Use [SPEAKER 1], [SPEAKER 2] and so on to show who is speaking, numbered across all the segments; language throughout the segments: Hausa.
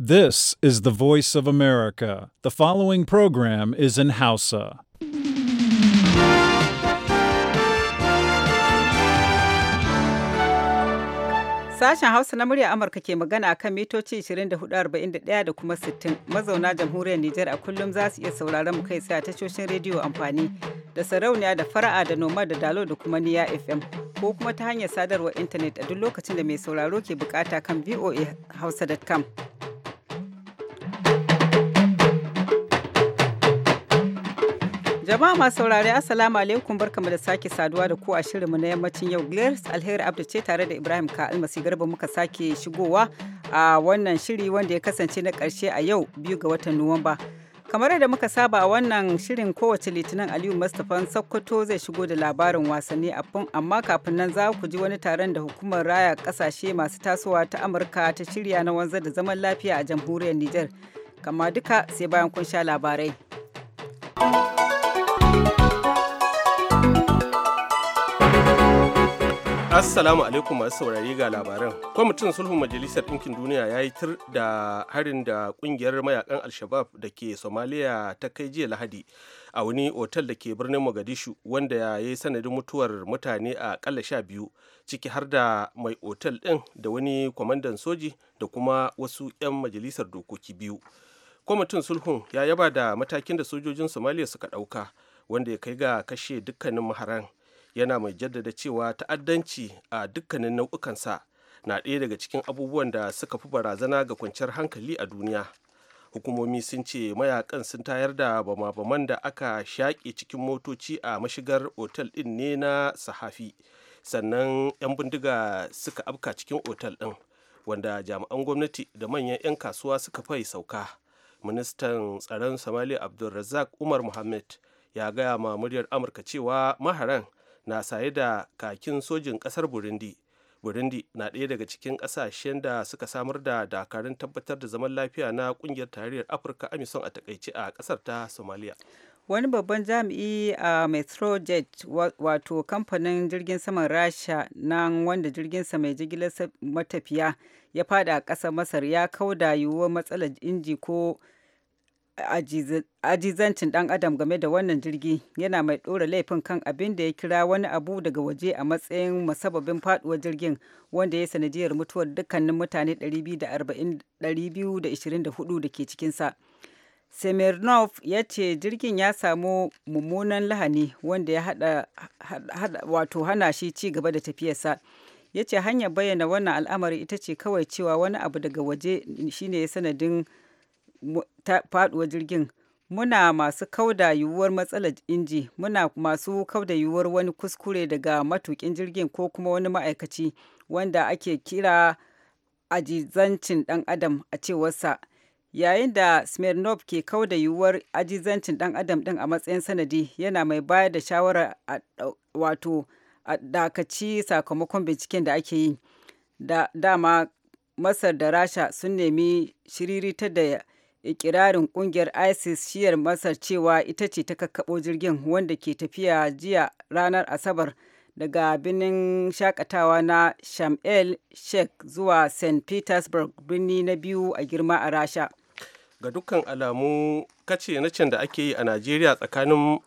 [SPEAKER 1] This is the voice of America. The following program is in Hausa.
[SPEAKER 2] Sashen Hausa na murya Amurka ke magana akan mitoci 24,41 da kuma 60 mazauna jamhuriyar Nijar a kullum za su iya sauraron mu kai tsaye a tashoshin rediyo amfani da sarauniya da fara'a da noma da dalo da kuma niya FM ko kuma ta hanyar sadarwar intanet a duk lokacin da mai sauraro ke bukata kan VOA Hausa.com. Jama'a masu saurari Assalamu alaikum barkamu da sake saduwa da ku a shirinmu na yammacin yau Glares Alheri Abdu ce tare da Ibrahim Ka Almasi Garba muka sake shigowa a wannan shiri wanda ya kasance na karshe a yau biyu ga watan Nuwamba. Kamar yadda muka saba a wannan shirin kowace litinin Aliyu Mustapha Sokoto zai shigo da labarin wasanni a fun amma kafin nan za ku ji wani taron da hukumar raya kasashe masu tasowa ta Amurka ta shirya na wanzar da zaman lafiya a jamhuriyar Nijar. Kama duka sai bayan kun sha labarai.
[SPEAKER 3] Assalamu alaikum masu saurari ga labaran. Kwamitin sulhun Majalisar Ɗinkin Duniya ya yi tir da harin da ƙungiyar mayakan Alshabab da ke Somalia ta kai jiya Lahadi a wani otal da ke birnin Mogadishu wanda ya yi sanadin mutuwar mutane a ƙalla sha biyu ciki har da mai otal ɗin da wani kwamandan soji da kuma wasu 'yan majalisar dokoki biyu. Kwamitin sulhun ya yaba da matakin da sojojin Somalia suka ɗauka wanda ya kai ga kashe dukkanin maharan. yana mai jaddada cewa ta'addanci a dukkanin nau'ukansa na ɗaya daga cikin abubuwan da suka fi barazana ga kwanciyar hankali a duniya hukumomi sun ce mayakan sun tayar da bama-baman da aka shaƙe cikin motoci a mashigar otal ɗin ne na sahafi sannan 'yan bindiga suka afka cikin otal ɗin wanda jami'an gwamnati da manyan 'yan kasuwa suka fai sauka ministan tsaron somali abdulrazak umar muhammad ya gaya ma muryar amurka cewa maharan na saye da kakin sojin kasar burundi burundi na ɗaya daga cikin ƙasashen da suka samar da dakarun tabbatar da zaman lafiya na ƙungiyar tarayyar afirka amison a takaice a ƙasar ta somalia
[SPEAKER 2] wani babban jami'i a metrojet wato kamfanin jirgin saman rasha na wanda jirginsa mai jigilar matafiya ya fada a ƙasar masar ya kauda yiwuwar matsalar inji ko ajizancin dan adam game da wannan jirgi yana mai ɗora laifin kan abin da ya kira wani abu daga waje a matsayin masababin faduwar jirgin wanda ya sanadiyar mutuwar dukkanin mutane 224 da ke cikinsa semirnov ya ce jirgin ya samu mummunan lahani wanda ya hada, wato hana shi ci gaba da tafiyarsa ya ce hanyar bayyana wannan al'amari ita ce kawai cewa wani abu daga waje shine sanadin faduwar jirgin muna masu kauda yiwuwar matsalar inji muna masu kauda yiwuwar wani kuskure daga matukin jirgin ko kuma wani ma'aikaci wanda ake kira ajizancin dan adam a cewarsa yayin da smirnov ke kauda yiwuwar ajizancin dan adam din a matsayin sanadi yana mai bayar da shawarar wato a dakaci sakamakon binciken da ake yi da dama masar da rasha sun nemi shiriritar da ikirarin kungiyar isis shiyar masar cewa ita ce ta kakkaɓo jirgin wanda ke tafiya jiya ranar asabar daga birnin shakatawa na shamel sheikh zuwa st petersburg birni na biyu a girma a rasha
[SPEAKER 3] ga dukkan alamu kace na can da ake yi a najeriya tsakanin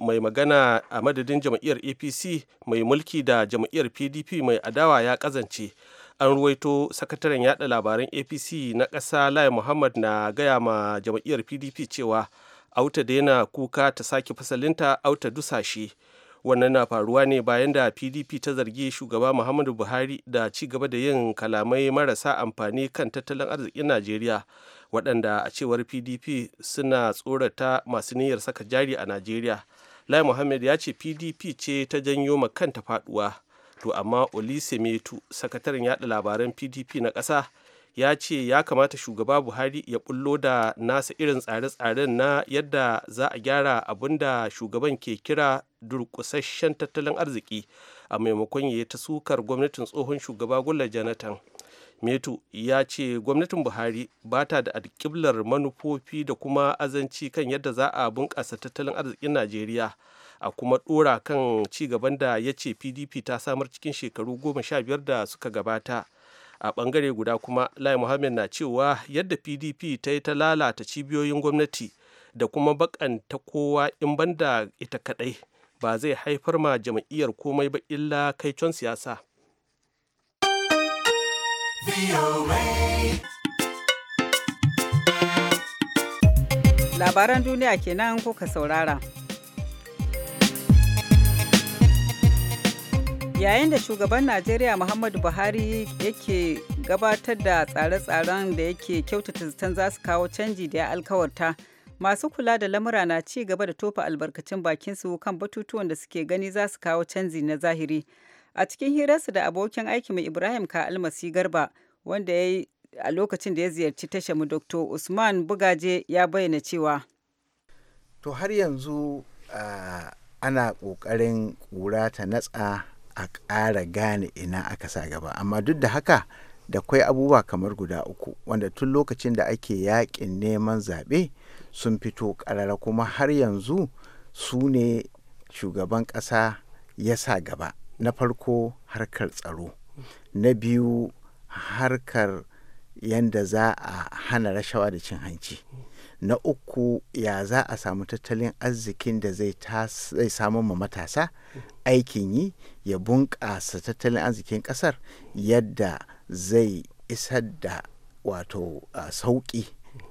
[SPEAKER 3] mai magana a madadin jam'iyyar apc mai mulki da jam'iyyar pdp mai adawa ya kazance an ruwaito sakataren yada labaran apc na ƙasa lai muhammad na gaya ma jam'iyyar pdp cewa auta daina kuka ta sake fasalinta auta dusashe wannan na faruwa ne bayan da pdp ta zargi shugaba muhammadu buhari da ci gaba da yin kalamai marasa amfani kan tattalin arzikin najeriya waɗanda a cewar pdp suna tsorata masu niyyar saka jari a najeriya lai muhammad ya ce pdp ce ta janyo ma kanta faɗuwa. to amma olise metu sakataren yada labaran pdp na ƙasa ya ce ya kamata shugaba buhari ya bullo da nasa irin tsare-tsaren na yadda za a gyara abin da shugaban ke kira durkusasshen tattalin arziki a maimakon ya ta sukar gwamnatin tsohon shugaba gula janatan metu ya ce gwamnatin buhari ba ta da alkiblar manufofi da kuma azanci kan yadda za a bunƙasa tattalin arzikin najeriya a kuma ɗora kan ci gaban da ya ce pdp ta samar cikin shekaru goma sha biyar da suka gabata a ɓangare guda kuma lai muhammed na cewa yadda pdp ta yi ta lalata cibiyoyin gwamnati da kuma bakanta kowa in banda ita kadai ba zai haifar ma jam'iyyar komai ba illa kaicon siyasa
[SPEAKER 2] labaran duniya kenan kuka saurara yayin da shugaban najeriya muhammadu buhari yake gabatar da tsare-tsaren da yake kyautata zaton za su kawo canji da ya alkawarta masu kula da lamura na ci gaba da tofa albarkacin bakinsu kan batutuwan da suke gani za su kawo canji na zahiri a cikin hirarsa da abokin aiki mai ibrahim ka almasi garba wanda ya yi a lokacin da ya ziyarci tashar mu dr usman bugaje ya bayyana cewa to har yanzu ah,
[SPEAKER 4] ana ƙoƙarin ƙura ta natsa a ƙara gane ina aka sa gaba amma duk da haka da kwai abubuwa kamar guda uku wanda tun lokacin da ake yaƙin neman zaɓe sun fito ƙarara kuma har yanzu su ne shugaban ƙasa ya sa gaba na farko harkar tsaro na biyu harkar yadda za a hana rashawa da cin hanci na uku ya za a samu tattalin arzikin da zai samu ma matasa aikin yi ya bunƙasa tattalin arzikin ƙasar yadda zai isar da wato sauƙi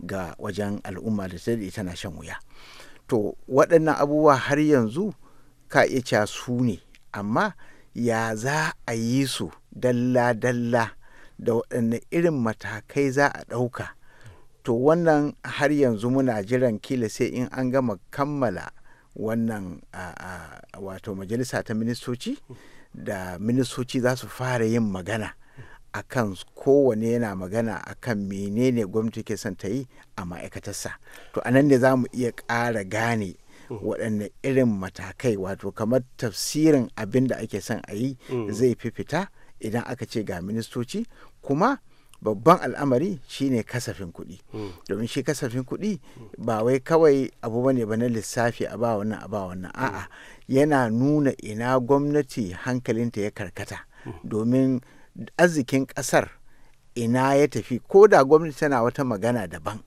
[SPEAKER 4] ga wajen al'umma da ta tana shan wuya to waɗannan abubuwa har yanzu ka iya cewa su ne amma ya za a yi su dalla-dalla da waɗanne irin matakai za a ɗauka to wannan har yanzu muna jiran kila sai in an gama kammala wannan wato majalisa ta ministoci da ministoci za su fara yin magana a kan kowane yana magana a akan menene gwamnati ke son ta yi a ma'aikatarsa to a nan ne za mu iya ƙara gane waɗanne irin matakai wato kamar tafsirin abin da ake son a yi mm. zai fi fita idan aka ce ga ministoci kuma babban al'amari shine kasafin kuɗi hmm. domin shi kasafin kuɗi ba wai kawai abu bane ba na lissafi a ba wannan a ba wannan hmm. a'a yana nuna ina gwamnati hankalinta ya karkata hmm. domin arzikin ƙasar ina ya tafi ko da gwamnati tana wata magana daban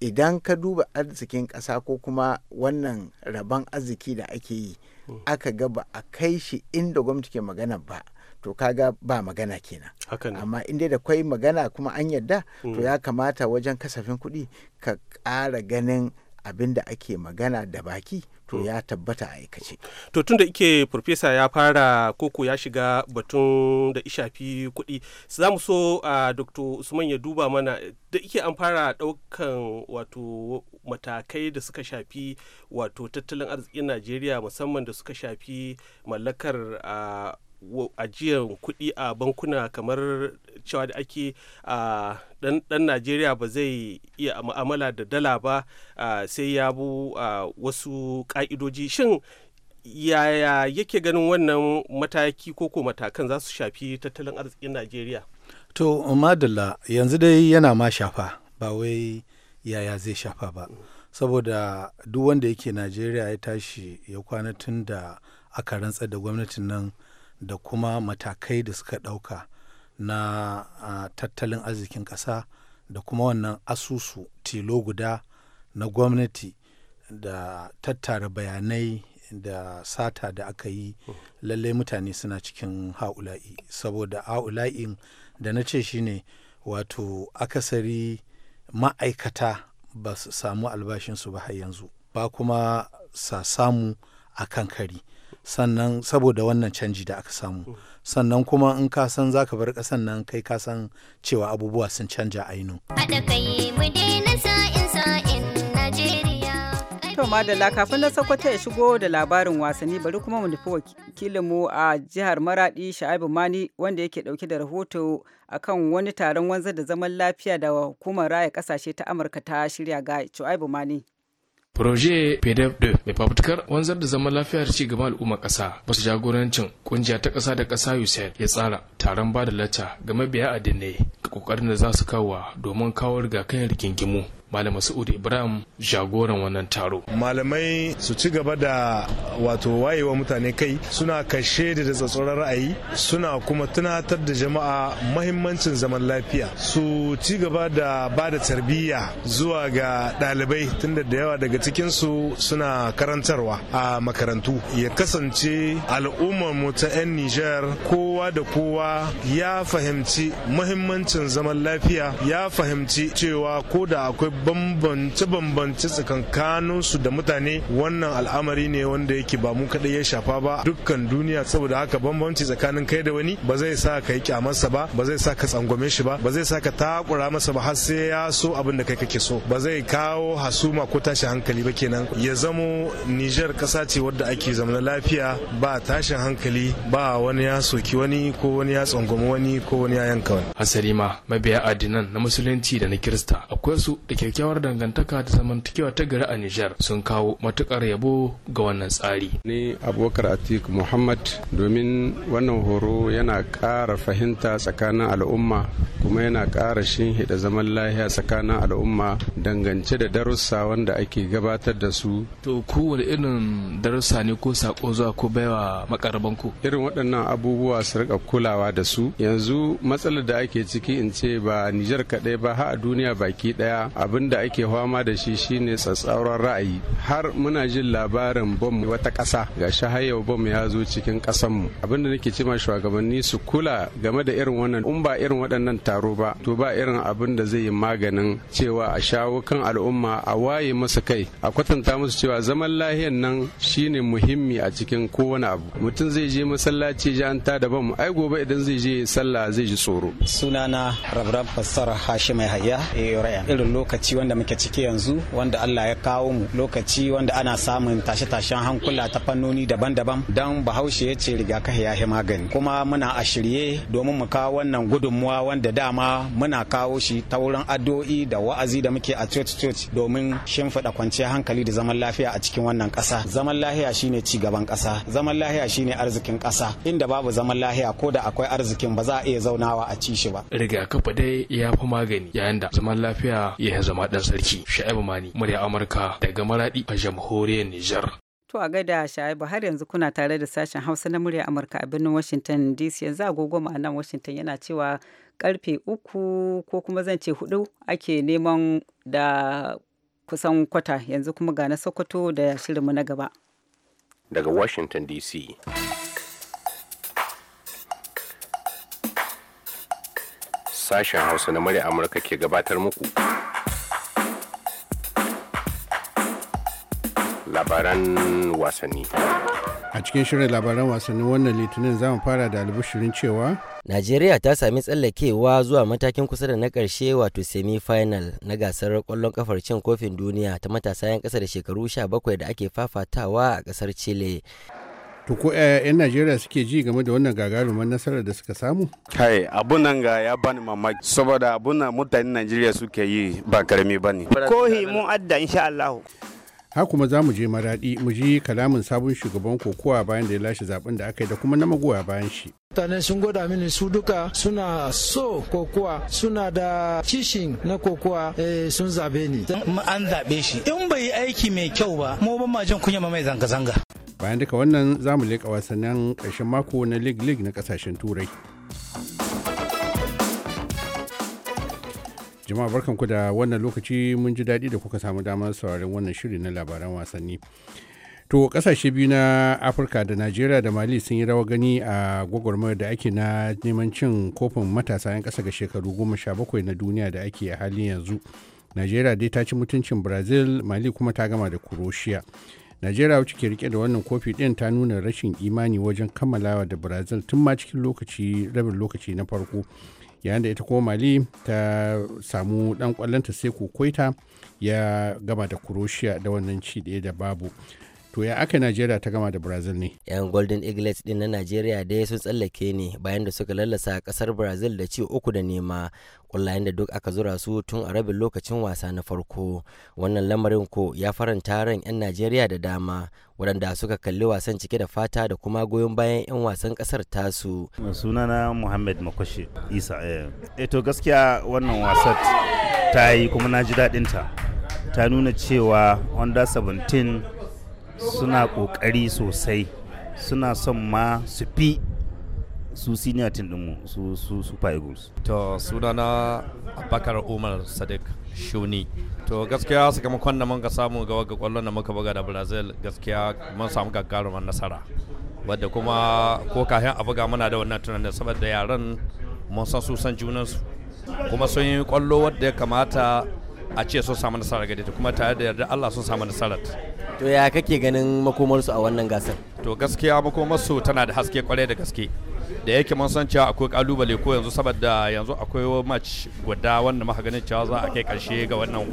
[SPEAKER 4] idan ka duba arzikin ƙasa ko kuma wannan rabon arziki da ake yi aka ga ba a kai shi inda gwamnati ke magana ba to kaga ba magana kenan amma inda dai da kwai magana kuma an yarda to mm. ya kamata wajen kasafin kuɗi ka ƙara ganin abin da ake magana da baki to mm. ya tabbata a aikace.
[SPEAKER 3] To tun da ike profesa ya fara koko ya shiga batun da ishafi kuɗi za mu so a Dr. Usman ya duba mana da ike an fara ɗaukan wato matakai da suka shafi wato tattalin arzikin Najeriya musamman da suka shafi mallakar ajiyar kuɗi a bankuna kamar cewa da ake a dan najeriya ba zai iya mu'amala da dala ba sai ya bu wasu ka'idoji shin yaya yake ganin wannan mataki ko ko matakan za su shafi tattalin arzikin najeriya
[SPEAKER 5] to madalla yanzu dai yana ma shafa ba wai yaya zai shafa ba mm. saboda duk wanda yake najeriya ya tashi ya kwana tun da aka rantsar da gwamnatin nan da kuma matakai da suka ɗauka na uh, tattalin arzikin ƙasa da kuma wannan asusu tilo guda na gwamnati da tattara bayanai da sata da aka yi lallai mutane suna cikin ha'ula'i saboda ha'ula'in da na ce shine wato akasari ma'aikata ba su samu albashinsu ba har yanzu ba kuma sa samu a kan kari sannan saboda wannan canji da aka samu mm. sannan kuma in ka san za ka bar ƙasan nan kai ka san cewa abubuwa sun canja ainu. Najeriya.
[SPEAKER 2] To Madalla kafin na Sokoto ya shigo da labarin wasanni bari kuma mu nufi wakilinmu a jihar Maradi Sha'ibu Mani wanda yake ɗauke da rahoto akan wani taron wanzar da zaman lafiya da hukumar raya ƙasashe ta Amurka ta shirya ga Sha'ibu Mani.
[SPEAKER 6] Proje PDF mai fafutukar wanzar da zaman lafiyar ci gaban al'umma ƙasa ba su jagorancin ƙungiya ta ƙasa da ƙasa USAID ya tsara taron ba da lacca ga mabiya addinai ga ƙoƙarin da za su kawo domin kawo rigakafin rigingimu malam Mas'ud Ibrahim jagoran wannan taro.
[SPEAKER 5] Malamai su ci gaba da wato wayewa mutane kai suna kashe da tsatsoron ra'ayi suna kuma tunatar da jama'a mahimmancin zaman lafiya su ci gaba da ba da tarbiyya zuwa ga ɗalibai tunda da yawa daga cikinsu suna karantarwa a makarantu ya kasance al'ummar mu ta 'yan Nijar kowa da kowa ya fahimci mahimmancin zaman lafiya ya fahimci cewa ko da akwai bambance-bambance tsakankaninsu da mutane wannan al'amari ne wanda yake ba mu kaɗai ya shafa ba dukkan duniya saboda haka bambanci tsakanin kai da wani ba zai sa ka yi kyamarsa ba ba zai sa ka tsangwame shi ba ba zai sa ka takura masa ba har sai ya so abin da kai kake so ba zai kawo hasuma ko tashin hankali ba kenan ya zamo Nijar kasa ce wadda ake zama lafiya ba tashin hankali ba wani ya soki wani ko wani ya tsangwami wani ko wani ya yanka wani. Hasari ma mabiya addinan na musulunci da na kirista
[SPEAKER 6] akwai su da ke kyakkyawar dangantaka da
[SPEAKER 7] zamantakewa ta gari a Nijar sun kawo matukar yabo ga wannan tsari. Ni Abubakar Atik Muhammad domin wannan horo yana ƙara fahimta tsakanin al'umma kuma yana ƙara shinhiɗa zaman lahiya tsakanin al'umma dangance da darussa wanda ake gabatar da su. To wani irin darussa ne ko sako zuwa ko baiwa makaraban ku? Irin waɗannan abubuwa su rika kulawa da su. Yanzu matsalar da ake ciki in ce ba Nijar kaɗai ba har a duniya baki ɗaya abin. abin da ake fama da shi shine tsatsauran ra'ayi har muna jin labarin bom wata ƙasa ga shi har yau bom ya zo cikin ƙasanmu abin da nake cewa shugabanni su kula game da irin wannan in ba irin waɗannan taro ba to ba irin abin da zai yi maganin cewa a shawo kan al'umma a waye masa kai a kwatanta musu cewa zaman lahiyan nan shine muhimmi a cikin kowane abu mutum zai je masallaci ji an ta bom ai gobe
[SPEAKER 5] idan zai je sallah zai ji tsoro sunana rabran fassara hashim hayya eh, irin lokaci lokaci wanda muke ciki yanzu wanda Allah ya kawo mu lokaci wanda ana samun tashe-tashen hankula ta fannoni daban-daban don bahaushe ya ce rigakafi ya magani kuma muna a shirye domin mu kawo wannan gudunmuwa wanda dama muna kawo shi ta wurin addu'o'i da wa'azi da muke a church-church domin shimfiɗa kwanciyar hankali da zaman lafiya a cikin wannan ƙasa zaman lafiya shine ci gaban ƙasa zaman lafiya shine arzikin ƙasa inda babu zaman lafiya ko da akwai arzikin ba za a iya zaunawa a ci shi ba
[SPEAKER 6] rigakafi dai ya fi magani yayin da zaman lafiya ya zama ma ɗan sarki Sha'ibu Mani murya Amurka daga maraɗi a jamhuriyar Nijar.
[SPEAKER 2] To a gaida Sha'ibu har yanzu kuna tare da sashen Hausa na murya Amurka a birnin Washington DC yanzu agogo ma'anan Washington yana cewa karfe uku ko kuma zan ce hudu ake neman da kusan kwata yanzu kuma ga na Sokoto da shirinmu na gaba.
[SPEAKER 8] Daga Washington DC. Sashen Hausa na murya Amurka ke gabatar muku. labaran
[SPEAKER 9] wasanni. A cikin shirin labaran wasanni wannan litinin za mu fara da albushirin cewa. Najeriya ta sami tsallakewa zuwa matakin kusa da na ƙarshe wato semi-final na gasar ƙwallon kafar cin kofin duniya ta matasa 'yan ƙasa da shekaru 17 da ake fafatawa a ƙasar Chile. to ko 'yan najeriya suke ji game da wannan gagarumar nasarar
[SPEAKER 8] da suka samu
[SPEAKER 7] kai abunan nan ga ya bani mamaki saboda abun mutanen najeriya suke yi ba karami ne.
[SPEAKER 10] ko mu adda insha Allah
[SPEAKER 8] ha kuma za mu je maraɗi mu ji kalamin sabon shugaban kokowa bayan da ya lashe zaben da aka yi da kuma na magoya bayan shi
[SPEAKER 1] mutane sun goda mini su duka suna so kokowa suna da kishin na kokowa eh, sun zabe ni
[SPEAKER 10] an zabe shi in bai yi aiki mai kyau ba mu ban majin kunya ma mai
[SPEAKER 8] zanga-zanga bayan duka wannan za mu leƙa wasannin ƙarshen mako na league league na ƙasashen turai jama'a barkanku da wannan lokaci mun ji daɗi da kuka samu damar sauraron wannan shiri na labaran wasanni to kasashe biyu na afirka da najeriya da mali sun yi rawa gani a gwagwarmayar da ake na neman cin kofin matasa 'yan kasa ga shekaru goma sha bakwai na duniya da ake a halin yanzu najeriya dai ta ci mutuncin brazil mali kuma ta gama da kuroshiya najeriya wacce ke rike da wannan kofi ɗin ta nuna rashin imani wajen kammalawa da brazil tun ma cikin lokaci rabin lokaci na farko yayin da ita kuma mali ta samu dan kwallonta sai koita ya gama da kuroshiya da wannan ci da babu to ya
[SPEAKER 9] aka najeriya ta gama da brazil ne yan golden eagles din na najeriya dai sun tsallake ne bayan da suka lallasa kasar brazil da ci uku da nema kullayen da duk aka zura su tun a rabin lokacin wasa na farko wannan lamarin ko ya faranta ran yan najeriya da dama waɗanda suka kalli wasan cike da fata da kuma goyon bayan yan wasan kasar tasu sunana muhammad makoshi isa eh. eh to gaskiya wannan wasan ta yi
[SPEAKER 10] kuma na ji daɗinta ta nuna cewa under 17 suna kokari sosai suna son ma su fi su senior team dinmu su su super eagles
[SPEAKER 11] to sunana abakar umar sadiq shuni to gaskiya sakamakon da muka samu ga waga kwallon da muka buga da brazil gaskiya mun samu gagarumar nasara wadda kuma ko kayan a buga muna da wannan tunanin saboda yaran mun san su san junansu kuma sun yi kwallo wadda ya kamata a ce sun samu nasara gare ta kuma tare da yarda Allah sun samu nasarar to ya kake ganin makomarsu a wannan gasar to gaskiya makomarsu tana da haske kwarai da gaske da yake mun san cewa akwai kalubale ko yanzu saboda yanzu akwai match guda wanda muka ganin cewa za a kai karshe ga wannan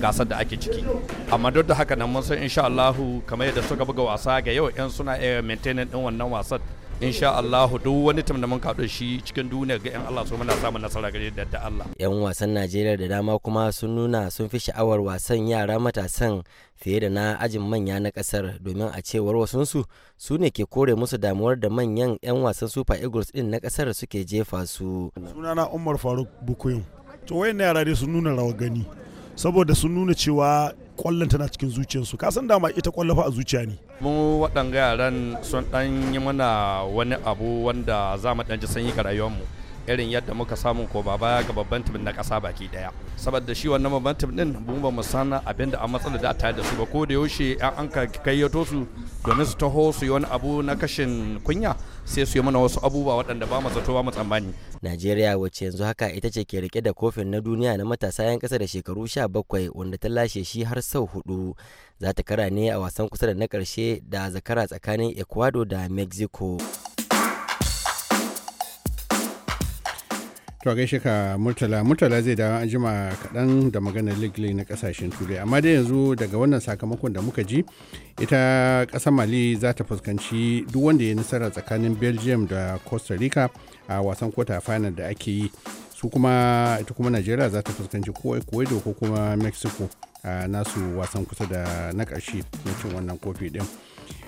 [SPEAKER 11] gasar da ake ciki amma duk da haka nan mun san insha Allah kamar yadda suka buga wasa ga yau yan suna iya maintaining din wannan wasan insha Allah duk wani tam mun kaɗo shi cikin duniya ga yan Allah so muna samun nasara gare da da Allah
[SPEAKER 9] yan wasan Najeriya da dama kuma sun nuna sun fi sha'awar wasan yara matasan fiye da na ajin manya na kasar domin a cewar wasunsu su ne ke kore musu damuwar da manyan yan wasan Super Eagles din na kasar suke jefa su
[SPEAKER 7] sunana Umar Faruk Bukuyin to wayan yara dai sun nuna rawa gani saboda sun nuna cewa kwallon tana cikin zuciyarsu ka san dama ita kwallafa a zuciya ne
[SPEAKER 11] mu waɗanga yaran sun ɗan yi mana wani abu wanda za mu ɗan ji sanyi ga rayuwarmu irin yadda muka samu ko ba baya ga babban tibin na kasa baki daya saboda shi wannan babban tibin din mu ba mu san abinda da an matsala da ta da su ba ko da yaushe an an ka kayyato su domin su taho su yi wani abu na kashin kunya sai su yi mana wasu abubuwa waɗanda ba mu zato
[SPEAKER 9] ba mu tsammani Najeriya wacce yanzu haka ita ce ke rike da kofin na duniya na matasa 'yan kasa da shekaru 17 wanda ta lashe shi har sau hudu za ta kara ne a wasan kusa da na karshe da zakara tsakanin Ecuador da Mexico.
[SPEAKER 8] to gaishe ka murtala murtala zai dawo an jima kaɗan da maganar ligle na ƙasashen turai amma dai yanzu daga wannan sakamakon da muka ji ita ƙasar mali za ta fuskanci duk wanda ya nasara tsakanin belgium da costa rica a wasan kwata final da ake yi su kuma ita kuma najeriya za ta fuskanci ko ko kuma mexico a nasu wasan kusa da na ƙarshe na cin wannan kofi ɗin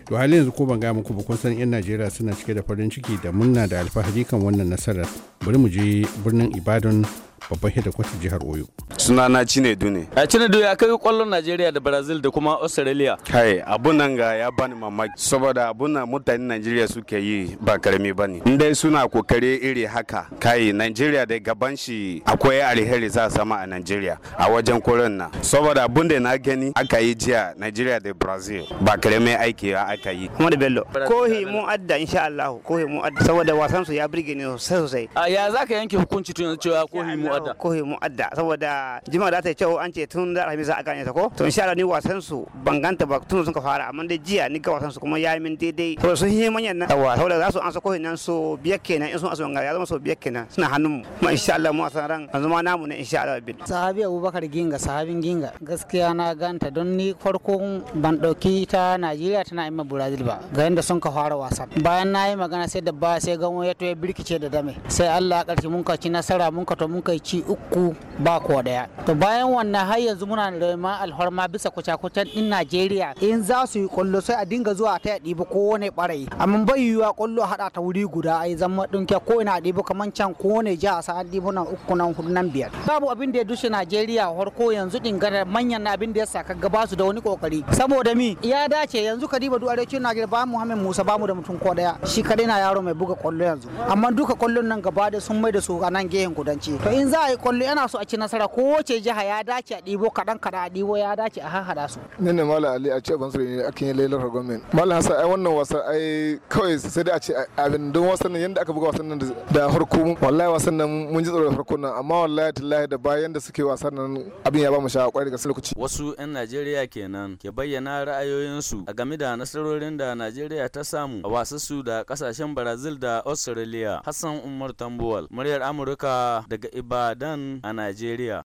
[SPEAKER 8] to halin yanzu ko ban ga muku ba kun san yan najeriya suna cike da farin ciki da murna da alfahari kan wannan nasarar bari mu je birnin ibadan babban hedikwatar jihar oyo
[SPEAKER 7] suna na cine ne a eh, dune ya kai kwallon najeriya da brazil da kuma australia kai abun nan ga ya bani mamaki saboda abun nan mutanen najeriya suke yi ba karami ba ne in dai suna kokare
[SPEAKER 5] iri haka
[SPEAKER 7] kai najeriya da gaban shi akwai alheri za sama a najeriya a wajen koren nan saboda abun da na gani aka yi jiya najeriya da brazil ba karami aiki
[SPEAKER 10] a aka yi kuma da Bello kohi mu adda insha Allah kohi mu adda saboda wasan su ya burge ni sosai sosai a ya zaka yanke hukunci tun cewa kohi mu adda kohi mu adda saboda jima da ta ce an ce tun da Alhamis za a gane ta ko to insha Allah ni wasan su banganta ba tun sun ka fara amma dai jiya ni ga wasan su kuma ya min daidai to sun yi manyan nan saboda za su ansa kohi nan so biyar kenan in sun ansa ganga ya zama so biyar kenan suna hannun mu kuma insha Allah mu wasan ran an zama namu ne insha Allah bin sahabi Abubakar Ginga sahabin Ginga gaskiya na ganta don ni farkon ban dauki ta Najeriya tana mana brazil ba ga yadda sun ka fara wasan bayan na yi magana sai da baya sai gamo ya to ya birkice da dame sai allah ya karshe mun ka ci nasara mun ka to mun kai ci uku ba ko daya to bayan wannan har yanzu muna da ma alhorma bisa kuca-kucan din najeriya in za su yi kwallo sai a dinga zuwa ta yaɗi ba kowane barayi amma bai yiwuwa kwallo haɗa ta wuri guda ai zama ɗinke ko ina ɗibo kaman can ko ne a sa an ɗibo nan uku nan hudu nan biyar babu abin da ya dushe najeriya ko yanzu ɗin manyan abin da ya saka gaba su da wani kokari saboda mi ya dace yanzu ka diba duk arewacin najeriya ba Muhammad musa ba mu da mutum ko daya shi kadai na yaro mai buga kwallo yanzu amma duka kwallon nan gaba da sun mai da su a nan gehen kudanci to in za a yi kwallo yana so a ci nasara ko kowace jiha ya dace a dibo kadan kada a dibo ya dace a hahada su.
[SPEAKER 6] ne ne mala ali a ce ban suri ne akan yi lailar gwamnati mala hasan ai wannan wasa ai kawai sai dai a ce abin don wasan nan yanda aka buga wasan nan da harko wallahi wasan nan mun ji tsoro da harko nan amma wallahi tallahi da bayan da suke wasan nan abin
[SPEAKER 7] ya ba mu sha'awa kwarai da gaske lokaci. wasu 'yan najeriya kenan ke bayyana ra'ayoyinsu a game da nasarar nasarorin da Najeriya ta samu a wasassu da kasashen Brazil da Australia.
[SPEAKER 10] Hassan Umar
[SPEAKER 7] Tambuwal, muryar Amurka daga Ibadan a Najeriya.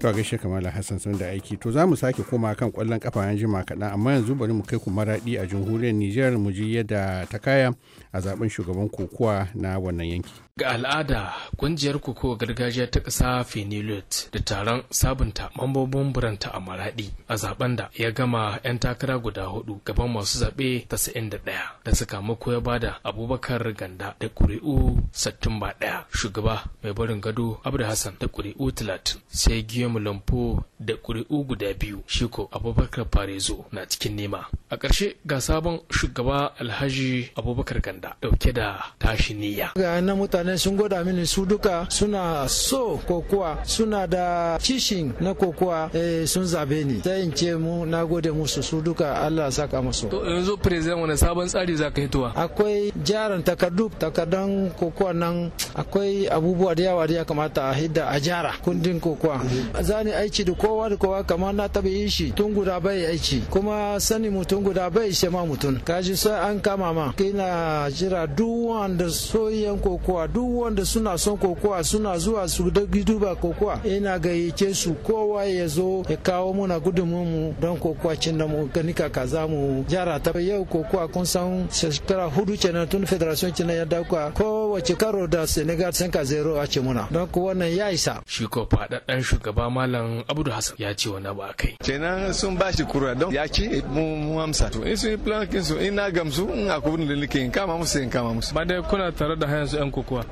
[SPEAKER 8] To gaishe Kamala Hassan sun da aiki. To za mu sake koma kan kwallon kafa yanzu jima kaɗan amma yanzu bari mu kai ku maraɗi a jamhuriyar Nijar mu ji yadda ta kaya a zaben shugaban kokowa na wannan yanki.
[SPEAKER 6] Ga al'ada, kungiyar koko gargajiya ta ƙasa Fenilut da taron sabunta mambobin buranta a Maradi a zaben da ya gama 'yan takara guda hudu gaban masu zaɓe 91 da sakamako ya bada Abubakar Ganda da ƙuri'u Satumba ɗaya, shugaba mai barin gado abdul Hassan da ƙuri'u 30 sai Guillaume Lampo da ƙuri'u guda biyu Shiko Abubakar Farezo na cikin nema. A ƙarshe ga sabon shugaba Alhaji Abubakar Ganda dauke da tashi niyya.
[SPEAKER 1] Ga mutane mutane sun gwada mini su duka suna so kokuwa suna da kishin na kokuwa eh, sun zabe ni ta in ce mu na gode musu su duka Allah saka musu to yanzu president wani sabon tsari za ka hitowa akwai jaran takardu takardan kokuwa nan akwai abubuwa da yawa da ya kamata a hidda a jara kundin kokuwa zani aiki da kowa da kowa kamar na taba yi shi tun guda bai aiki kuma sani mutum guda bai shema mutum kaji sai an kama ma kina jira duk wanda soyayyen kokowa duk wanda suna son kokowa suna zuwa su duba kokowa ina gayyace su kowa ya zo ya kawo muna mu don kokowa cin da mu gani kaka za mu jara ta yau kokowa kun san shekara hudu kenan tun federation kenan ya dauka kowace karo da senegal sun ka zero a ce muna don ku wannan ya isa.
[SPEAKER 6] shi ko faɗaɗɗen shugaba malam abdul hassan ya ce wani ba kai. kenan sun ba shi kura don ya ce mu amsa to in sun yi plan su in na gamsu in akwai da nake in kama musu in kama musu. ba dai kuna tare da hanyar su yan kokowa. kuwa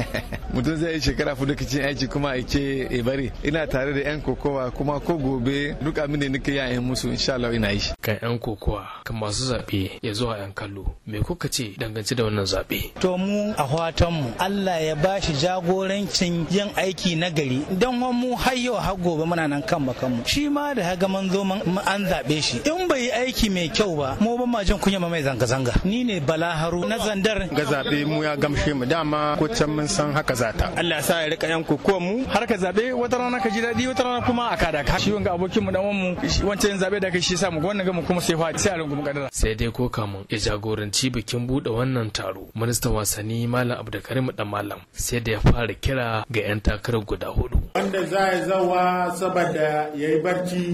[SPEAKER 6] mutum zai yi shekara fudu kicin aiki kuma ake ibari ina tare da yan kokowa kuma ko gobe duk abin da nake musu insha Allah ina yi kan yan kokowa kan masu zaɓe ya zuwa yan kallo me kuka ce dangance da wannan zaɓe
[SPEAKER 10] to mu a fatan mu Allah ya ba shi jagorancin yin aiki na gari dan mu har yau har gobe muna nan kan bakan mu shi ma da haga man zo an zaɓe shi in bai yi aiki mai kyau ba mu ba ma jin kunya mai zanga zanga ni ne Bala Haru na zandar
[SPEAKER 7] ga zaɓe mu ya gamshe mu dama ko can mun san haka zata Allah ya sa ya rika yan kokuwan mu har ka zabe wata rana ka ji daɗi wata rana kuma a kada ka shi wanga abokin mu dan mu wancan zabe da kai shi sa mu wannan ga mu kuma sai fa sai a rungumu kadara
[SPEAKER 6] sai dai ko ka kamun ya jagoranci bikin bude wannan taro ministan wasanni malam abdulkarim dan malam sai da ya fara kira ga yan takarar guda hudu
[SPEAKER 5] wanda za ya zawa saboda ya yi barci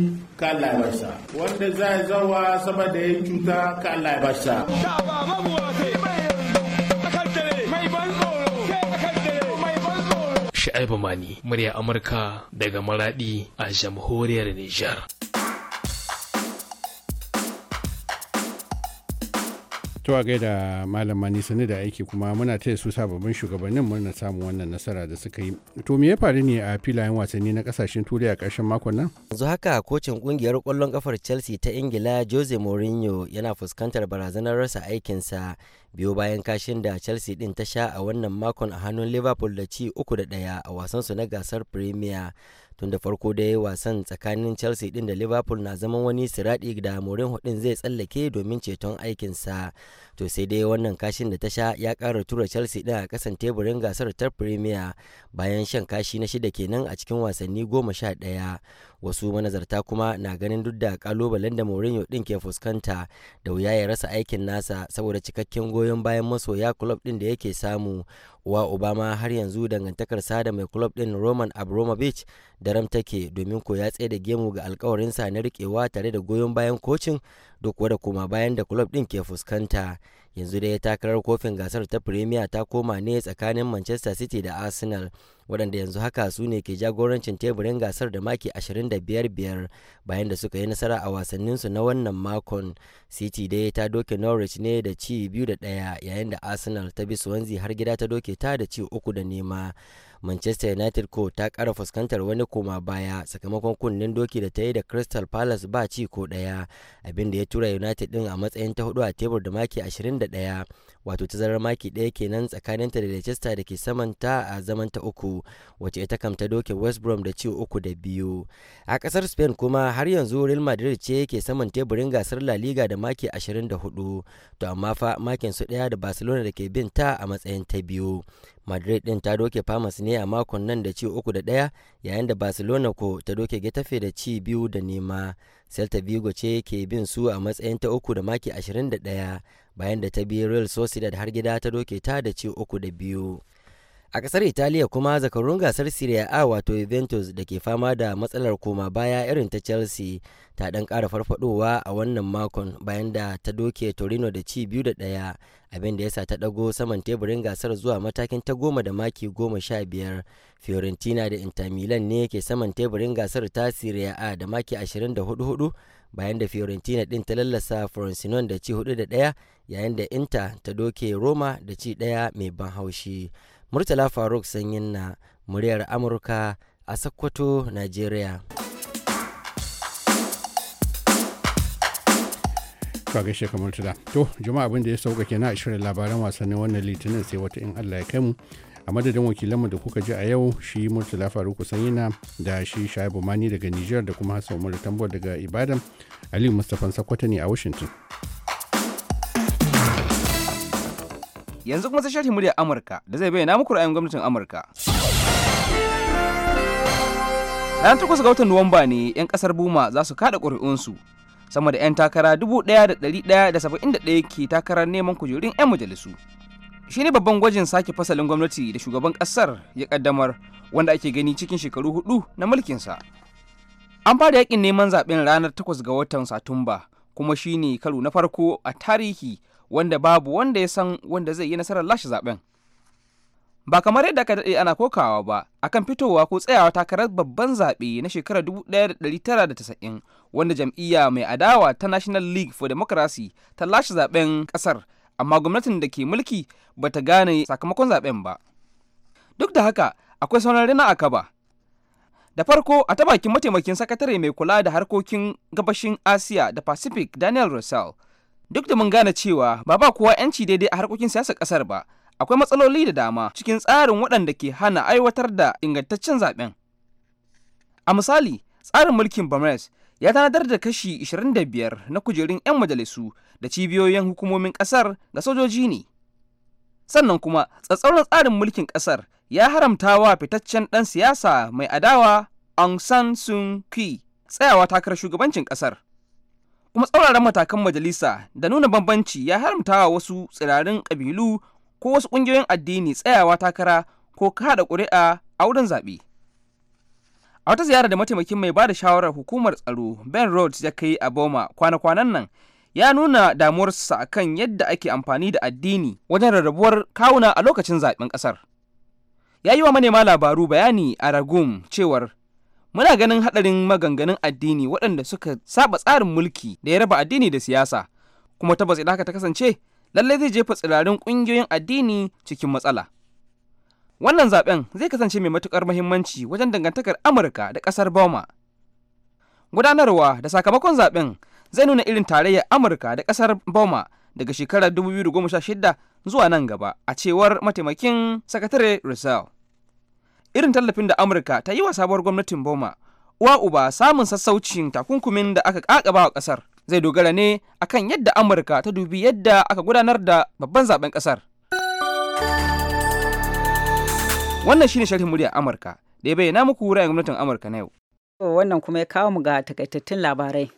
[SPEAKER 5] ka Allah ya barsa wanda za ya zawa saboda ya yi cuta ka Allah ya barsa
[SPEAKER 6] Shu'aibu Mani, murya Amurka daga Maradi a jamhuriyar Nijar.
[SPEAKER 8] Tuwa gaida Malam Mani sani da aiki kuma muna taya su sababbin shugabannin murnar samun wannan nasara da suka yi. To me ya faru ne a filayen wasanni na kasashen turai a karshen makon nan?
[SPEAKER 9] Yanzu haka kocin kungiyar kwallon ƙafar Chelsea ta Ingila Jose Mourinho yana fuskantar barazanar rasa aikinsa biyo bayan kashin da chelsea din ta sha a wannan makon a hannun liverpool da ci uku da ɗaya a wasansu na gasar premier tun da farko dai wasan tsakanin chelsea din da liverpool na zaman wani siradi da morin huɗun zai tsallake domin ceton aikinsa to sai dai wannan kashin da ta sha ya kara tura chelsea din a kasan teburin gasar ta premier bayan shan kashi na shida kenan a cikin wasanni goma sha ɗaya wasu manazarta kuma na ganin duk da kalubalen da mourinho din ke fuskanta da wuya ya rasa aikin nasa saboda cikakken goyon bayan masoya club din da yake samu uwa obama har yanzu dangantakarsa da mai club din roman abramovich daram take domin ko ya tsaye da gemu ga alkawarin sa na rikewa tare da goyon bayan kocin duk wada kuma bayan da club din ke fuskanta yanzu dai takarar kofin gasar ta premier ta koma ne tsakanin manchester city da arsenal waɗanda yanzu haka su ne ke jagorancin teburin gasar da maki 25-5 bayan da suka yi nasara a wasanninsu na wannan makon city dai ta doke norwich ne da ci biyu da ɗaya yayin da arsenal ta bi swansea har gida ta doke ke tada ci uku da nema manchester united ko ta kara fuskantar wani koma baya sakamakon kunnen doki da ta yi da crystal palace ba ci ko daya abinda ya tura united din a matsayin ta hudu a tebur da maki 21 wato zarar maki daya kenan tsakaninta da leicester da ke saman ta a zaman ta uku wace ita kamta ta doke west brom da ci uku da biyu a kasar spain kuma har yanzu real madrid ce ke saman teburin gasar la liga da maki 24 to amma fa makin su daya da barcelona da ke bin ta a matsayin ta biyu madrid din ta doke famas ne a makon nan da ci uku da ɗaya yayin da barcelona ko ta doke getafe da ci biyu da nema celta vigo ce ke bin su a matsayin ta uku da maki ashirin da ɗaya, bayan da ta bi real sociedad har gida ta doke ta da ci uku da biyu a ƙasar italiya kuma zakarun gasar serie a wato juventus da ke fama da matsalar koma baya irin ta chelsea ta dan kara farfadowa a wannan makon bayan da ta doke torino da ci biyu da daya abin da yasa ta ɗago saman teburin gasar zuwa matakin ta goma da maki goma sha biyar fiorentina da inter milan ne ke saman teburin gasar ta serie a da maki ashirin da hudu hudu bayan da fiorentina ɗin ta lallasa frosinone da ci hudu da daya yayin da inter ta doke roma da ci ɗaya mai ban haushi murtala faruk sanyin na muryar amurka a sokoto nigeria ka shi kamar tuda to juma'a abin da ya sauka
[SPEAKER 8] kenan a shirin labaran wasannin wannan litinin sai wata in allah ya kai mu a madadin wakilanmu da kuka ji a yau shi murtala faruk faruku na da shi shaibu mani daga niger da kuma hassan umaru tambo daga ibadan aliyu mustapha sakwata ne a washington
[SPEAKER 12] yanzu kuma sai muryar Amurka da zai bayyana muku ra'ayin gwamnatin Amurka. Ranar takwas ga watan Nuwamba ne 'yan kasar Buma za su kada ƙuri'unsu sama da 'yan takara ɗaya ɗaya da da da saba'in ɗaya ke takarar neman kujerun 'yan majalisu. Shi ne babban gwajin sake fasalin gwamnati da shugaban ƙasar ya ƙaddamar wanda ake gani cikin shekaru hudu na mulkinsa. An fara yakin neman zaɓen ranar takwas ga watan Satumba kuma shi ne karo na farko a tarihi wanda babu wanda ya san wanda zai yi nasarar lashe zaben ba kamar yadda aka daɗe ana kokawa ba akan fitowa ko tsayawa takarar babban zaɓe na shekarar 1990 wanda jam'iyya mai adawa ta national league for democracy ta lashe zaben ƙasar amma gwamnatin da ke mulki ba ta gane sakamakon zaben ba duk da haka akwai sauran rina a kaba da farko a ta bakin mataimakin sakatare mai kula da harkokin gabashin asiya da pacific daniel russell duk da mun gane cewa ba ba kowa yanci daidai a harkokin siyasar kasar ba akwai matsaloli da dama cikin tsarin waɗanda ke hana aiwatar da ingantaccen zaben a misali tsarin mulkin bamres ya tanadar da kashi 25 na kujerun 'yan majalisu da cibiyoyin hukumomin kasar ga sojoji ne sannan kuma tsatsauran tsarin mulkin kasar ya haramta wa fitaccen ɗan siyasa mai adawa Aung San Suu Kyi tsayawa takarar shugabancin kasar kuma tsauraran matakan majalisa da nuna bambanci ya haramta wa wasu tsirarin ƙabilu ko wasu ƙungiyoyin addini tsayawa takara ko kaɗa ƙuri'a a wurin zaɓe. A wata ziyara da mataimakin mai ba da shawarar hukumar tsaro Ben Rhodes ya kai a Boma kwana-kwanan nan ya nuna damuwarsa akan yadda ake amfani da addini wajen rarrabuwar kawuna a lokacin zaɓen ƙasar. Ya yi wa manema labaru bayani a Ragum cewar muna ganin haɗarin maganganun addini waɗanda suka saba tsarin mulki da ya raba addini da siyasa kuma tabbas idan haka ta kasance lallai zai jefa tsirarin ƙungiyoyin addini cikin matsala wannan zaben zai kasance mai matukar muhimmanci wajen dangantakar amurka da ƙasar boma gudanarwa da sakamakon zaben zai nuna irin tarayyar amurka da ƙasar boma daga shekarar 2016 zuwa nan gaba a cewar mataimakin sakatare russell irin tallafin da amurka ta yi wa sabuwar gwamnatin boma uwa uba samun sassaucin takunkumin da aka kakaba wa ƙasar, zai dogara ne akan yadda amurka ta dubi yadda aka gudanar da babban zaben kasar wannan shine sharhin muryar amurka da ya bayyana muku ra'ayin gwamnatin amurka na yau
[SPEAKER 2] wannan kuma ya kawo mu ga takaitattun labarai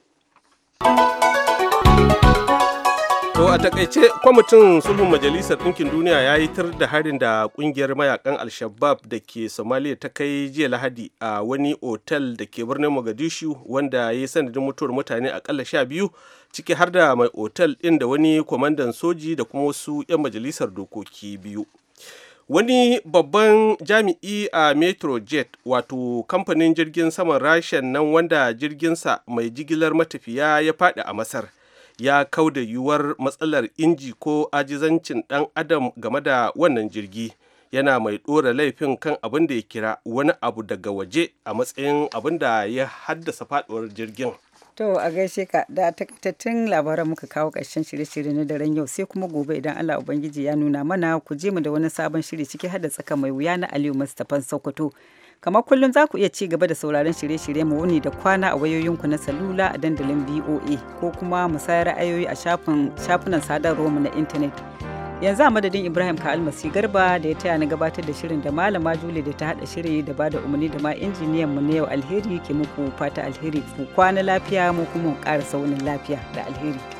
[SPEAKER 12] To a takaice kwamitin
[SPEAKER 3] sulhun majalisar ɗinkin duniya ya yi tar da harin da kungiyar mayakan al-shabab da ke Somalia ta kai jiya Lahadi a wani otal da ke birnin Mogadishu wanda ya yi sanadin mutuwar mutane akalla sha biyu ciki har da mai otal ɗin da wani kwamandan soji da kuma wasu 'yan majalisar dokoki biyu. Wani babban jami'i a Metrojet wato kamfanin jirgin saman rasha nan wanda jirginsa mai jigilar matafiya ya faɗi a Masar. ya kau da yiwuwar matsalar inji ko ajizancin ɗan adam game da wannan jirgi yana mai ɗora laifin kan abin da ya kira wani abu daga waje a matsayin abin da ya haddasa faɗuwar jirgin.
[SPEAKER 2] To a gaishe ka da takaitattun labaran muka kawo ƙarshen shirye-shirye na daren yau sai kuma gobe idan Allah Ubangiji ya nuna mana ku je mu da wani sabon shiri ciki hada tsaka mai wuya na Aliyu Mustapha Sokoto. Kamar kullum za ku iya ci gaba da sauraron shirye-shirye mu wuni da kwana a wayoyinku na salula a dandalin VOA ko kuma musayar ra'ayoyi a shafunan sadarwarmu na intanet. Yanzu a madadin Ibrahim ka almasi garba da ya taya na gabatar da shirin da malama Juli da ta haɗa shiri da bada umarni da ma injiniyan mu na yau alheri ke muku fata alheri ku kwana lafiya mu kuma ƙara saunin lafiya da alheri.